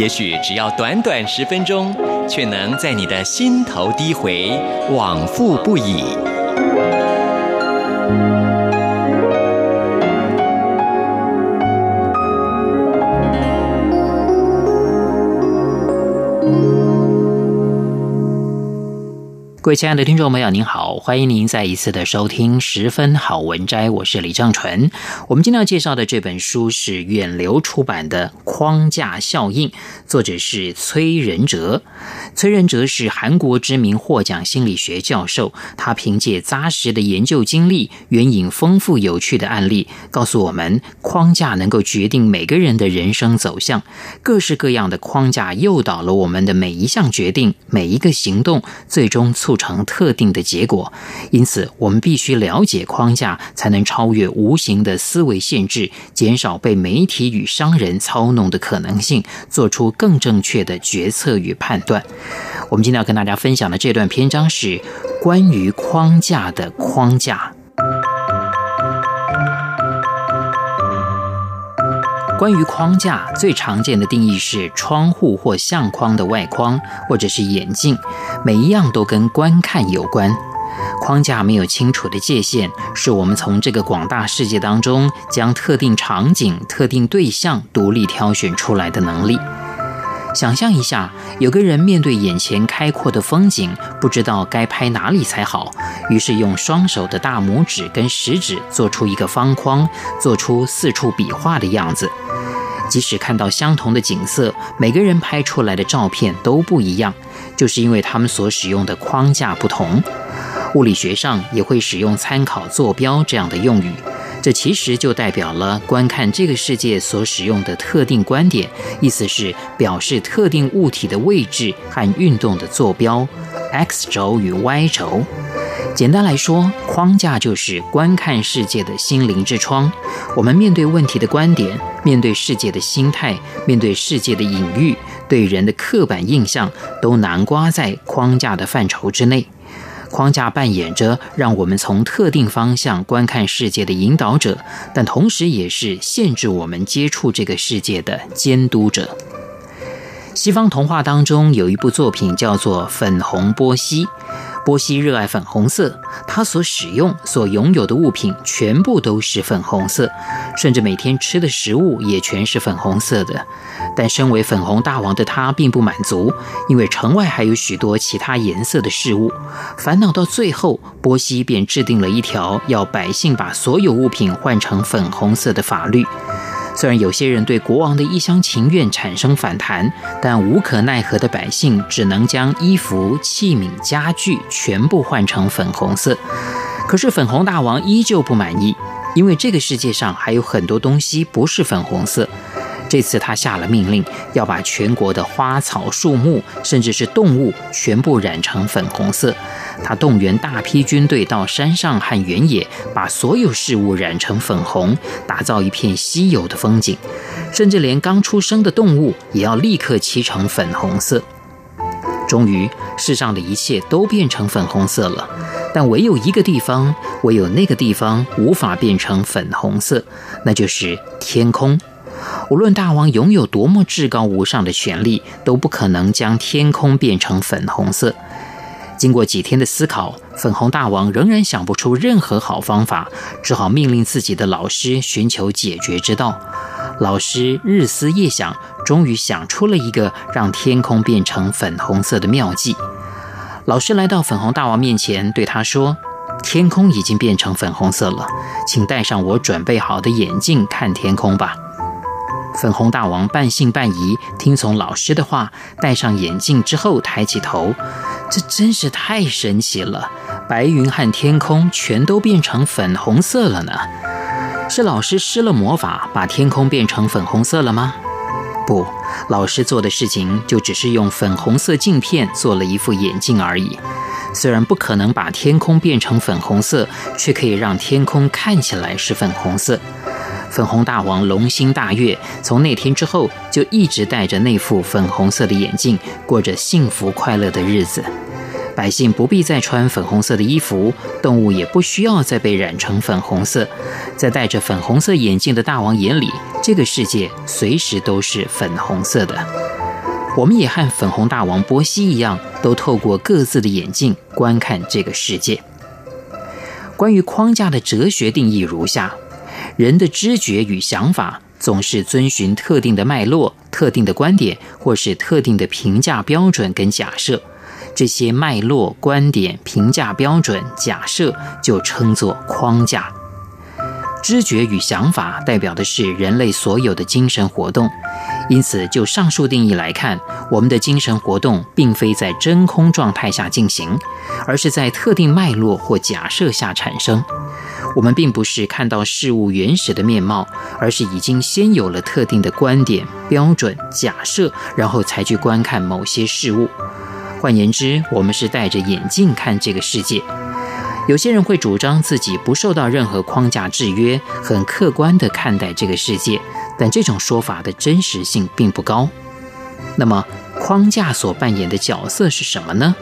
也許只要短短十分鐘，卻能在你的心頭低回，往復不已。各位親愛的聽眾朋友，您好。歡迎您再一次的收聽《十分好文摘》，我是李正純。我們今天要介紹的這本書是遠流出版的《框架效應》，作者是崔仁哲。崔仁哲是韓國知名獲獎心理學教授，他憑借紮實的研究經歷，援引豐富有趣的案例，告訴我們框架能夠決定每個人的人生走向。各式各樣的框架誘導了我們的每一項決定、每一個行動，最終促成特定的結果。因此，我們必須了解框架，才能超越無形的思維限制，減少被媒體與商人操弄的可能性，做出更正確的決策與判斷。我們今天要跟大家分享的這段篇章是關於框架的框架。關於框架，最常見的定義是窗戶或相框的外框，或者是眼鏡，每一樣都跟觀看有關。框架沒有清楚的界限，是我們從這個廣大世界當中將特定場景、特定對象獨立挑選出來的能力。想象一下，有個人面對眼前開闊的風景，不知道該拍哪裡才好，於是用雙手的大拇指跟食指做出一個方框，做出四處比劃的樣子。即使看到相同的景色，每個人拍出來的照片都不一樣，就是因為他們所使用的框架不同。物理學上也會使用“參考坐標”這樣的用語，這其實就代表了觀看這個世界所使用的特定觀點，意思是表示特定物體的位置和運動的坐標，X 軸與 Y 軸。簡單來說，框架就是觀看世界的心靈之窗。我們面對問題的觀點、面對世界的心態、面對世界的隱喻、對人的刻板印象，都囊括在框架的範疇之內。框架扮演着讓我們從特定方向觀看世界的引導者，但同時也是限制我們接觸這個世界的監督者。西方童話當中有一部作品叫做《粉紅波西》。波西熱愛粉紅色，他所使用、所擁有的物品全部都是粉紅色，甚至每天吃的食物也全是粉紅色的。但身為粉紅大王的他並不滿足，因為城外還有許多其他顏色的事物。煩惱到最後，波西便制定了一條要百姓把所有物品換成粉紅色的法律。雖然有些人對國王的一廂情願產生反彈，但無可奈何的百姓只能將衣服、器皿、家具全部換成粉紅色。可是粉紅大王依舊不滿意，因為這個世界上還有很多東西不是粉紅色。這次他下了命令，要把全國的花草樹木，甚至是動物，全部染成粉紅色。他動員大批軍隊到山上和原野，把所有事物染成粉紅，打造一片稀有的風景。甚至連剛出生的動物也要立刻漆成粉紅色。終於，世上的一切都變成粉紅色了，但唯有一個地方，唯有那個地方無法變成粉紅色，那就是天空。無論大王擁有多麼至高無上的權力，都不可能將天空變成粉紅色。經過幾天的思考，粉紅大王仍然想不出任何好方法，只好命令自己的老師尋求解決之道。老師日思夜想，終於想出了一個讓天空變成粉紅色的妙計。老師來到粉紅大王面前，對他說：“天空已經變成粉紅色了，請戴上我準備好的眼鏡看天空吧。”粉紅大王半信半疑，聽從老師的話，戴上眼鏡之後抬起頭，這真是太神奇了！白雲和天空全都變成粉紅色了呢。是老師施了魔法，把天空變成粉紅色了嗎？不，老師做的事情就只是用粉紅色鏡片做了一副眼鏡而已。雖然不可能把天空變成粉紅色，卻可以讓天空看起來是粉紅色。粉紅大王龍心大悅，從那天之後就一直戴着那副粉紅色的眼鏡，過着幸福快樂的日子。百姓不必再穿粉紅色的衣服，動物也不需要再被染成粉紅色。在戴着粉紅色眼鏡的大王眼裡，這個世界隨時都是粉紅色的。我們也和粉紅大王波西一樣，都透過各自的眼鏡觀看這個世界。關於框架的哲學定義如下。人的知覺與想法總是遵循特定的脈絡、特定的觀點，或是特定的評價標準跟假設。這些脈絡、觀點、評價標準、假設就稱作框架。知覺與想法代表的是人類所有的精神活動，因此就上述定義來看，我們的精神活動並非在真空狀態下進行，而是在特定脈絡或假設下產生。我們並不是看到事物原始的面貌，而是已經先有了特定的觀點、標準、假設，然後才去觀看某些事物。換言之，我們是戴着眼鏡看這個世界。有些人會主張自己不受到任何框架制約，很客觀地看待這個世界，但這種說法的真實性並不高。那麼，框架所扮演的角色是什麼呢？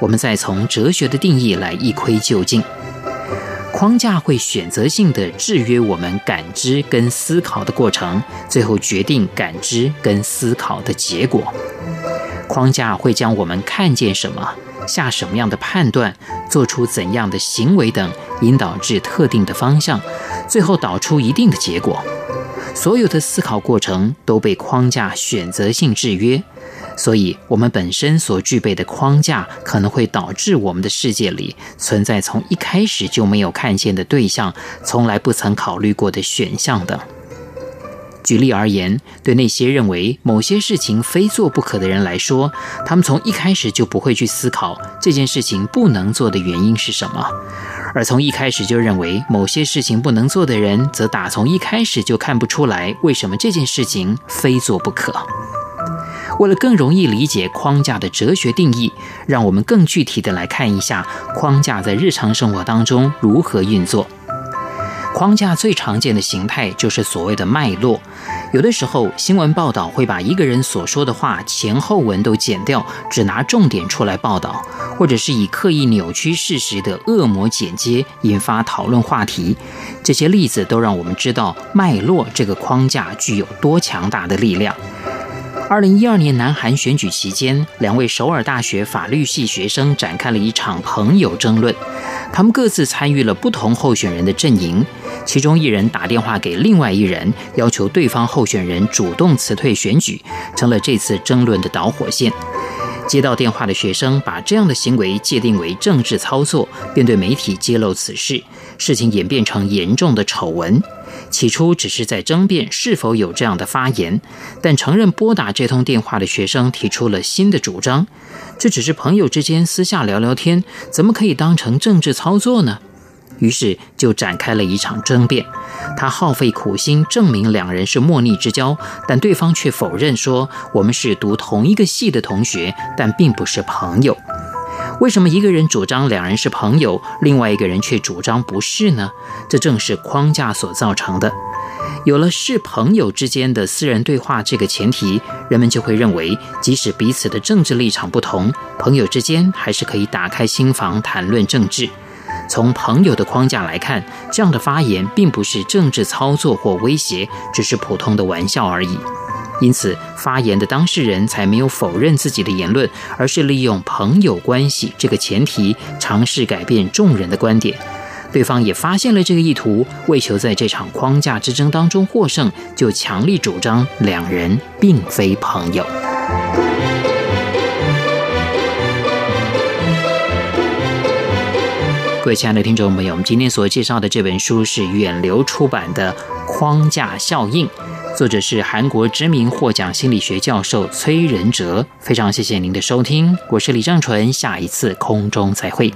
我們再從哲學的定義來一窺究竟。框架會選擇性地制約我們感知跟思考的過程，最後決定感知跟思考的結果。框架會將我們看見什麼、下什麼樣的判斷、做出怎樣的行為等，引導至特定的方向，最後導出一定的結果。所有的思考過程都被框架選擇性制約，所以我們本身所具備的框架可能會導致我們的世界裡存在從一開始就沒有看見的對象，從來不曾考慮過的選項等。舉例而言，對那些認為某些事情非做不可的人來說，他們從一開始就不會去思考這件事情不能做的原因是什麼；而從一開始就認為某些事情不能做的人，則打從一開始就看不出來為什麼這件事情非做不可。為了更容易理解框架的哲學定義，讓我們更具體的來看一下框架在日常生活當中如何運作。框架最常見的形態就是所謂的脈絡，有的時候新聞報道會把一個人所說的話前後文都剪掉，只拿重點出來報道，或者是以刻意扭曲事實的惡魔剪接引發討論話題，這些例子都讓我們知道脈絡這個框架具有多強大的力量。二零一二年南韓選舉期間，兩位首爾大學法律系學生展開了一場朋友爭論。他們各自參與了不同候選人的陣營，其中一人打電話給另外一人，要求對方候選人主動辭退選舉，成了這次爭論的導火線。接到電話的學生把這樣的行為界定為政治操作，便對媒體揭露此事。事情演變成嚴重的醜聞。起初只是在爭辯是否有這樣的發言，但承認撥打這通電話的學生提出了新的主張。這只是朋友之間私下聊聊天，怎麼可以當成政治操作呢？於是就展開了一場爭辯，他耗費苦心證明兩人是莫逆之交，但對方卻否認說：“我們是讀同一個系的同學，但並不是朋友。”為什麼一個人主張兩人是朋友，另外一個人卻主張不是呢？這正是框架所造成的。有了“是朋友”之間的私人對話這個前提，人們就會認為，即使彼此的政治立場不同，朋友之間還是可以打開心房談論政治。從朋友的框架來看，這樣的發言並不是政治操作或威脅，只是普通的玩笑而已。因此，發言的當事人才沒有否認自己的言論，而是利用朋友關係這個前提，嘗試改變眾人的觀點。對方也發現了這個意圖，為求在這場框架之爭當中獲勝，就強力主張兩人並非朋友。各位親愛的聽眾朋友，我們今天所介紹的這本書是遠流出版的《框架效應》，作者是韓國知名獲獎心理學教授崔仁哲。非常謝謝您的收聽，我是李正純，下一次空中再會。